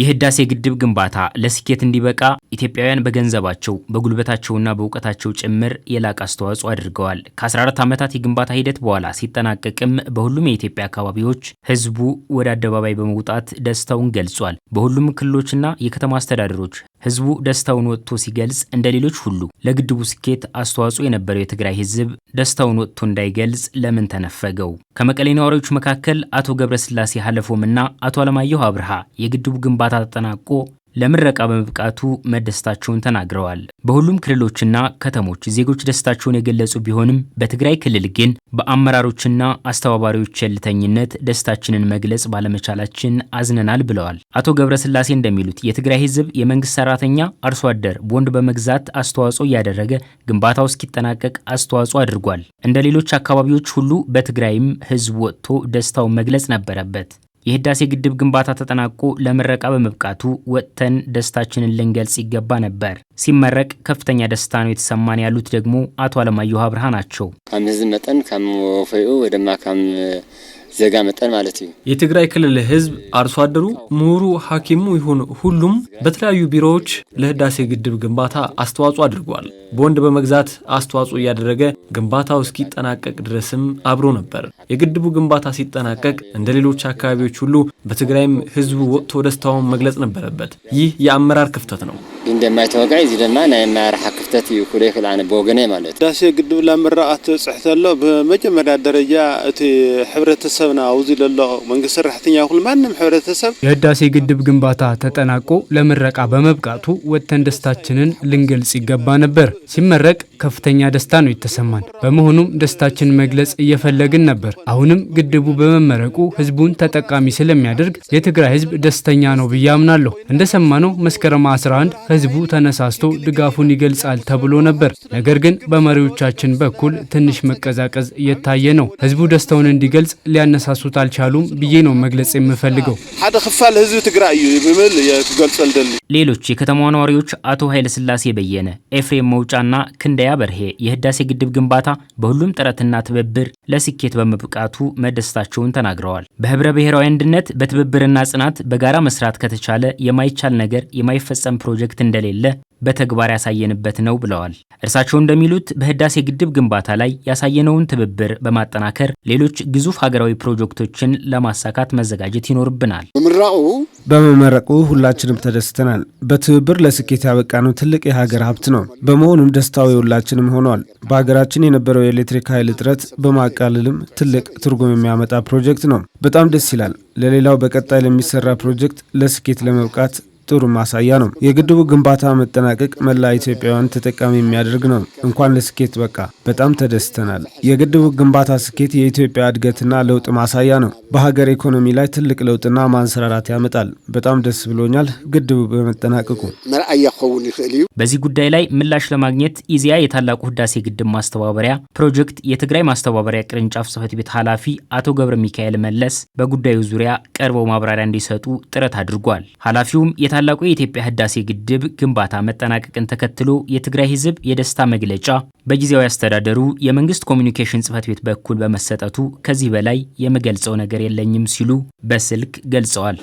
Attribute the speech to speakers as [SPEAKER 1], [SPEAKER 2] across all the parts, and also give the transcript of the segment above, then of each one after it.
[SPEAKER 1] የህዳሴ ግድብ ግንባታ ለስኬት እንዲበቃ ኢትዮጵያውያን በገንዘባቸው በጉልበታቸውና በእውቀታቸው ጭምር የላቀ አስተዋጽኦ አድርገዋል። ከ14 ዓመታት የግንባታ ሂደት በኋላ ሲጠናቀቅም በሁሉም የኢትዮጵያ አካባቢዎች ህዝቡ ወደ አደባባይ በመውጣት ደስታውን ገልጿል። በሁሉም ክልሎችና የከተማ አስተዳደሮች ህዝቡ ደስታውን ወጥቶ ሲገልጽ እንደ ሌሎች ሁሉ ለግድቡ ስኬት አስተዋጽኦ የነበረው የትግራይ ህዝብ ደስታውን ወጥቶ እንዳይገልጽ ለምን ተነፈገው? ከመቀሌ ነዋሪዎች መካከል አቶ ገብረስላሴ ሀለፎምና አቶ አለማየሁ አብርሃ የግድቡ ግንባታ ተጠናቆ ለምረቃ በመብቃቱ መደሰታቸውን ተናግረዋል። በሁሉም ክልሎችና ከተሞች ዜጎች ደስታቸውን የገለጹ ቢሆንም በትግራይ ክልል ግን በአመራሮችና አስተባባሪዎች የልተኝነት ደስታችንን መግለጽ ባለመቻላችን አዝነናል ብለዋል። አቶ ገብረስላሴ እንደሚሉት የትግራይ ሕዝብ የመንግስት ሰራተኛ፣ አርሶ አደር ቦንድ በመግዛት አስተዋጽኦ እያደረገ ግንባታው እስኪጠናቀቅ አስተዋጽኦ አድርጓል። እንደ ሌሎች አካባቢዎች ሁሉ በትግራይም ሕዝብ ወጥቶ ደስታውን መግለጽ ነበረበት። የህዳሴ ግድብ ግንባታ ተጠናቆ ለምረቃ በመብቃቱ ወጥተን ደስታችንን ልንገልጽ ይገባ ነበር። ሲመረቅ ከፍተኛ ደስታ ነው የተሰማን ያሉት ደግሞ አቶ አለማየሁ አብርሃ ናቸው።
[SPEAKER 2] አምዝ መጠን ካም ወፈዩ ወደማ ከም ዜጋ መጠን ማለት እዩ
[SPEAKER 1] የትግራይ ክልል ህዝብ፣ አርሶ አደሩ፣ ምሁሩ፣ ሐኪሙ ይሁን ሁሉም በተለያዩ ቢሮዎች ለህዳሴ ግድብ ግንባታ አስተዋጽኦ አድርጓል። ቦንድ በመግዛት አስተዋጽኦ እያደረገ ግንባታው እስኪጠናቀቅ ድረስም አብሮ ነበር። የግድቡ ግንባታ ሲጠናቀቅ እንደ ሌሎች አካባቢዎች ሁሉ በትግራይም ህዝቡ ወጥቶ ደስታውን መግለጽ ነበረበት። ይህ የአመራር ክፍተት ነው።
[SPEAKER 2] ግን ተወጋይ እዚ ድማ ናይ ኣመራርሓ ክፍተት እዩ ኩለ ይክእል ኣነ ብወገነይ ማለት እዩ
[SPEAKER 3] ዳሴ ግድብ ላምራቃት ፅሕ ዘሎ ብመጀመርያ ደረጃ እቲ ሕብረተሰብና ኣብዚ ዘሎ መንግስት ሰራሕተኛ ይኹን ማንም ሕብረተሰብ
[SPEAKER 1] የህዳሴ ግድብ ግንባታ ተጠናቆ ለምረቃ በመብቃቱ ወጥተን ደስታችንን ልንገልጽ ይገባ ነበር። ሲመረቅ ከፍተኛ ደስታ ነው የተሰማን። በመሆኑም ደስታችን መግለጽ እየፈለግን ነበር። አሁንም ግድቡ በመመረቁ ህዝቡን ተጠቃሚ ስለሚያደርግ የትግራይ ህዝብ ደስተኛ ነው ብዬ አምናለሁ። እንደሰማነው መስከረም 11 ህዝቡ ተነሳስቶ ድጋፉን ይገልጻል ተብሎ ነበር። ነገር ግን በመሪዎቻችን በኩል ትንሽ መቀዛቀዝ እየታየ ነው። ህዝቡ ደስታውን እንዲገልጽ ሊያነሳሱት አልቻሉም ብዬ ነው መግለጽ የምፈልገው።
[SPEAKER 3] ሓደ ክፋል ህዝቢ ትግራይ እዩ ብምል ክገልጸል ደሊ
[SPEAKER 1] ሌሎች የከተማዋ ነዋሪዎች አቶ ኃይለስላሴ በየነ፣ ኤፍሬም መውጫና ክንደያ በርሄ የህዳሴ ግድብ ግንባታ በሁሉም ጥረትና ትብብር ለስኬት በመብቃቱ መደሰታቸውን ተናግረዋል። በህብረ ብሔራዊ አንድነት በትብብርና ጽናት በጋራ መስራት ከተቻለ የማይቻል ነገር የማይፈጸም ፕሮጀክት መቅሰፍት እንደሌለ በተግባር ያሳየንበት ነው ብለዋል። እርሳቸው እንደሚሉት በህዳሴ ግድብ ግንባታ ላይ ያሳየነውን ትብብር በማጠናከር ሌሎች ግዙፍ ሀገራዊ ፕሮጀክቶችን ለማሳካት መዘጋጀት ይኖርብናል።
[SPEAKER 4] በምራቁ በመመረቁ ሁላችንም ተደስተናል። በትብብር ለስኬት ያበቃነው ትልቅ የሀገር ሀብት ነው። በመሆኑም ደስታው የሁላችንም ሆኗል። በሀገራችን የነበረው የኤሌክትሪክ ኃይል እጥረት በማቃለልም ትልቅ ትርጉም የሚያመጣ ፕሮጀክት ነው። በጣም ደስ ይላል። ለሌላው በቀጣይ ለሚሰራ ፕሮጀክት ለስኬት ለመብቃት ጥሩ ማሳያ ነው። የግድቡ ግንባታ መጠናቀቅ መላ ኢትዮጵያውያን ተጠቃሚ የሚያደርግ ነው። እንኳን ለስኬት በቃ በጣም ተደስተናል። የግድቡ ግንባታ ስኬት የኢትዮጵያ እድገትና ለውጥ ማሳያ ነው። በሀገር ኢኮኖሚ ላይ ትልቅ ለውጥና ማንሰራራት ያመጣል። በጣም ደስ ብሎኛል ግድቡ በመጠናቀቁ።
[SPEAKER 1] በዚህ ጉዳይ ላይ ምላሽ ለማግኘት ኢዚያ የታላቁ ህዳሴ ግድብ ማስተባበሪያ ፕሮጀክት የትግራይ ማስተባበሪያ ቅርንጫፍ ጽህፈት ቤት ኃላፊ አቶ ገብረ ሚካኤል መለስ በጉዳዩ ዙሪያ ቀርበው ማብራሪያ እንዲሰጡ ጥረት አድርጓል። ኃላፊውም የታላቁ የኢትዮጵያ ህዳሴ ግድብ ግንባታ መጠናቀቅን ተከትሎ የትግራይ ህዝብ የደስታ መግለጫ በጊዜያዊ አስተዳደሩ የመንግስት ኮሚኒኬሽን ጽህፈት ቤት በኩል በመሰጠቱ ከዚህ በላይ የምገልጸው ነገር የለኝም ሲሉ በስልክ ገልጸዋል።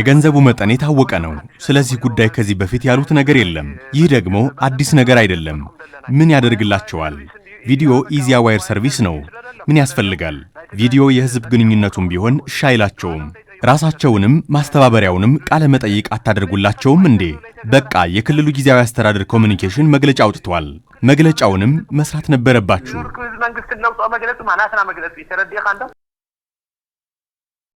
[SPEAKER 5] የገንዘቡ መጠን የታወቀ ነው። ስለዚህ ጉዳይ ከዚህ በፊት ያሉት ነገር የለም። ይህ ደግሞ አዲስ ነገር አይደለም። ምን ያደርግላቸዋል? ቪዲዮ ኢዚያ ዋይር ሰርቪስ ነው። ምን ያስፈልጋል? ቪዲዮ የህዝብ ግንኙነቱም ቢሆን እሺ አይላቸውም። ራሳቸውንም ማስተባበሪያውንም ቃለ መጠይቅ አታደርጉላቸውም እንዴ? በቃ የክልሉ ጊዜያዊ አስተዳደር ኮሚኒኬሽን መግለጫ አውጥቷል። መግለጫውንም መስራት ነበረባችሁ።